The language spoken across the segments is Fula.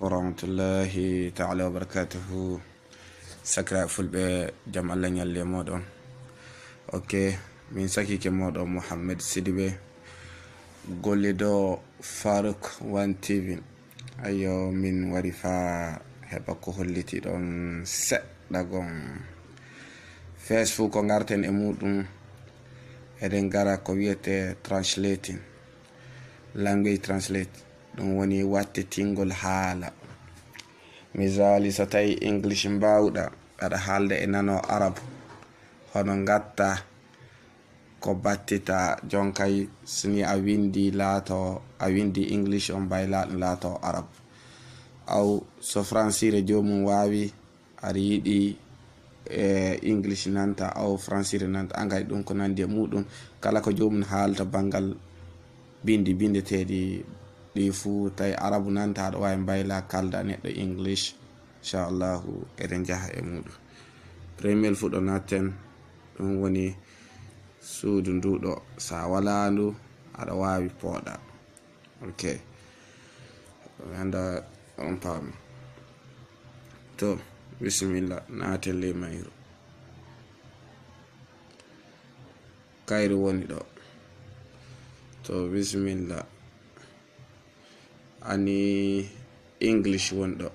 ورحمة الله تعالى وبركاته سكرا فل بجمع لنا اللي مودون أوكي من سكي كمودون محمد بي قولي دو فاروق وان تيفين أيو من وريفا هبا كهولتي دون سأدا قوم facebook o garten e muɗum eɗen gara ko wiyete translating language translate ɗum woni wattitingol haala misali so tawi english mbawɗa aɗa haalda e nano arab hono gatta ko battita jonkay soni a windi laato a windi english on baylaɗum laato arab aw so francire jomum wawi aɗa yiɗi e english nanta aw francire nanta angay ɗum ko nandi e muɗum kala ko jomum haalta bangal bindi bindeteɗi ɗi fuu tawi arabu nanta aɗa wawi mbayla kalda neɗɗo english inchallahu eɗen jaha e muɗum premiel fuu ɗo natten ɗum woni suudu nduɗo sa walandu aɗa wawi pooɗa ok anda on pami to bisimilla naten ley mayru kayru woni ɗo to bisimillah ani english do.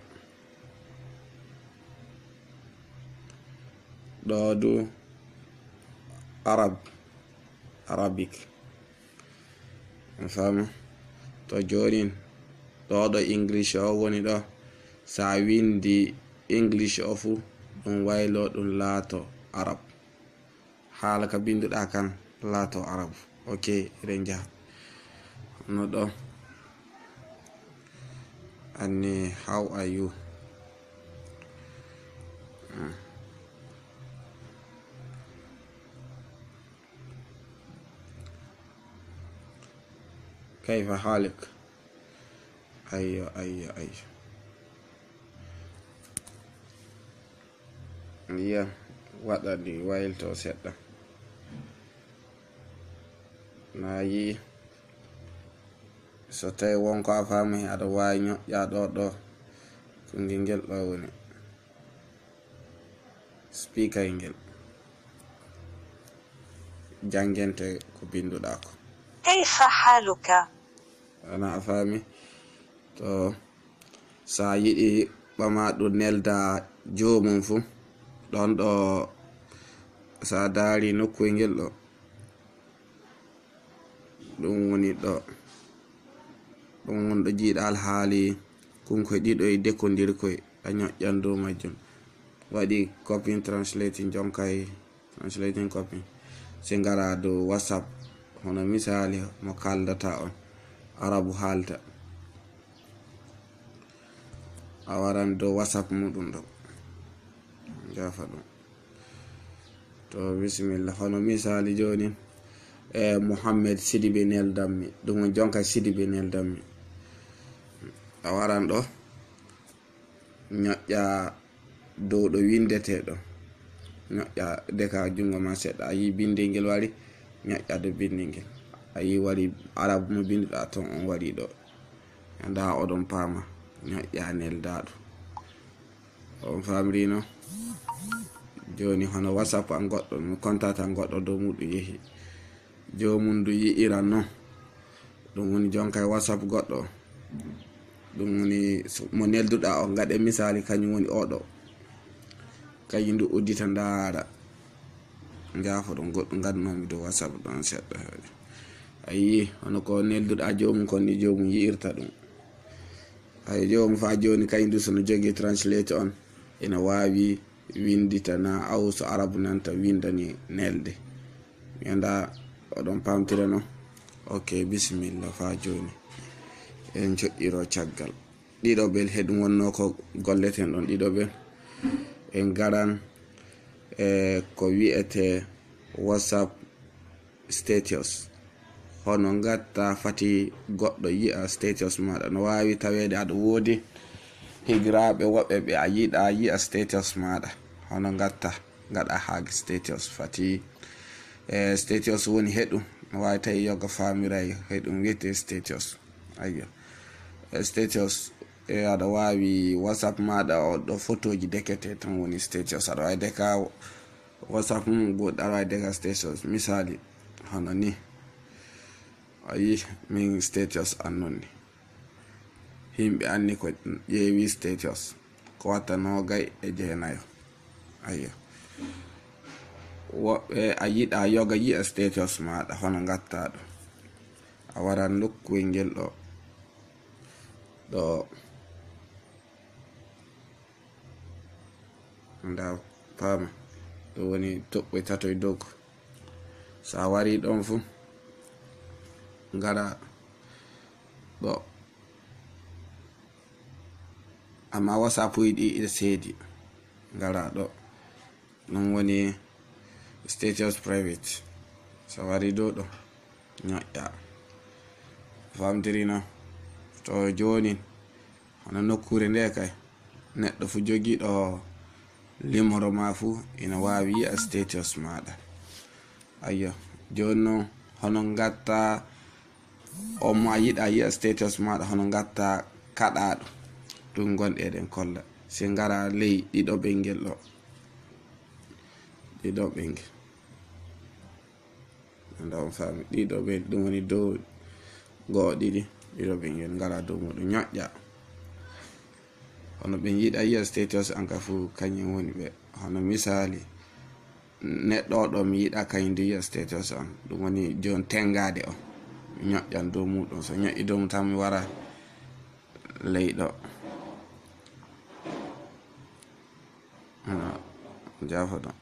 Do do arab arabic on to jonin english o woni do, sa windi english ofu, fu ɗum waylo lato lato arab hal ka binduɗa kan lato arab oke Renja. jaha no do أني how are you كيف حالك أيوة أيوة أيوة Yeah, what are the wild to set? Nah, yeah. so tawi wonko a faami aɗa wawi ñoƴƴa ɗo ɗo kongel ngel ɗo woni spikal ngel jangente ko binduɗa ko kayfa haluka ana a faami to sa yiɗi ɓama ɗum nelda jomum fu ɗon ɗo sa daari nokkuel ngel ɗo ɗum woni ɗo ɗum wonɗo jiiɗa alhaali kunkoye ɗiɗo e dekkodirkoye a ñoƴƴan dow majjum waɗi copin translating jonkaye translating copin se ngara dow whatsapp hono misali mo kaldata on arabu haalta a waran dow whatsapp muɗum ɗo jafa ɗum to bisimilla hono misali jonin e mouhammed sidibe neldanmi ɗum jonka sidibe neldanmi a waran ɗo ñoƴƴa dow ɗo windete ɗo ñoƴƴa deka jungo ma seɗɗa a yi bindingel wari ñoƴƴa do bindingel a yi wari arabu mo binduɗa ton on waɗi ɗo nda oɗon pama ñoƴƴa neldaɗo on famrino joni hono whatsapp an goɗɗo mi contat an goɗɗo dow muɗum yehi jomum du yi iran noon ɗum woni jonka e whatsapp goɗɗo o ɗum woni mo nelduɗa o gaɗe misali kañum woni oɗo kañu ndu uddita ndaara gafo ɗo goɗɗo gannomi dow whatsapp ɗon seɗɗo hewde ayi hono ko nelduɗa jomum konni jomum yiirta ɗum ay jomum fa joni kañu ndu sono jogui translate on ene wawi winditana awso arabu nanta windani nelde mi anda oɗon pamtirano ok bisimilla fa joni en joɗɗiro caggal ɗiɗo ɓel heɗ wonno ko golleten ɗon ɗiɗo ɓel en garan e ko wi'ete whatsapp status hono gatta fati goɗɗo yi'a status maɗa no wawi tawede aɗa woodi higiraɓe woɓɓe ɓe a yiɗa yi'a status maɗa hono gatta gaɗa ha status fati e status woni heɗum no wawi tawi yoga famiray heɗum wiyete status ayo status e eh, aɗa wawi whatsapp maɗa ɗo photoji dekete tan woni status aɗa wawi deka whatsapp mum goɗɗo aɗa wawi deka status misali hono ni ayi min status annonni himɓe anni ko ƴeewi status ko watta nogay e jeenayo ayo woɓɓe a yiɗa yoga yi'a e status maɗa hono gatta ɗo a waran nokkuwel ngel ɗo ɗo nda pama ɗo woni toɓɓe tatoe dog sa wari ɗon fu ngara ɗo amma wasa puyiɗi ɗ e seedi ngara ɗo ɗum woni status private sa wari dow ɗo ñoƴƴa famdirina no? to joni hono nokkure nde kay neɗɗo fu joguiɗo limoro ma fu ina wawi yi'a status maɗa ayyo joni noon hono gatta o mo a yiɗa yi'a status maɗa hono gatta kaɗaɗo ɗum gonɗeɗen kolla si gara ley ɗiɗo ɓengel ɗo ɗiɗo ɓengel ndaon fami ɗiɗo ɓengel ɗum woni dow goo ɗiɗi ɗiɗo ɓe yiɗen ngara dow muɗum ñoƴƴa hono ɓen yiɗa yiya status an ka fuu kañum woni ɓe hono misali neɗɗo ɗo mi yiɗa kañum du yiya status an ɗum woni jon tengade on mi ñoƴƴan dow muɗum so ñoƴƴi dow mum tan mi wara leyɗo jafo ɗon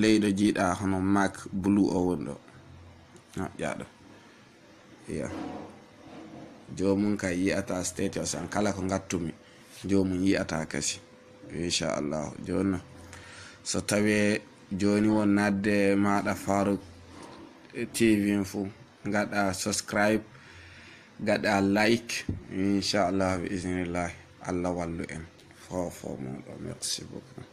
leyɗo jiiɗa hono mak blue o woni ɗo ñoƴƴa ɗo iya yeah. jomum ka yi'ata status an kala ko gattumi jomum yi'ata kasi inchallah joni so tawi joni won nadde maɗa faru tv fu gaɗa subscribe gaɗa like inchallah bi isnillahi allah wallu en fofo muɗo merci beaucoup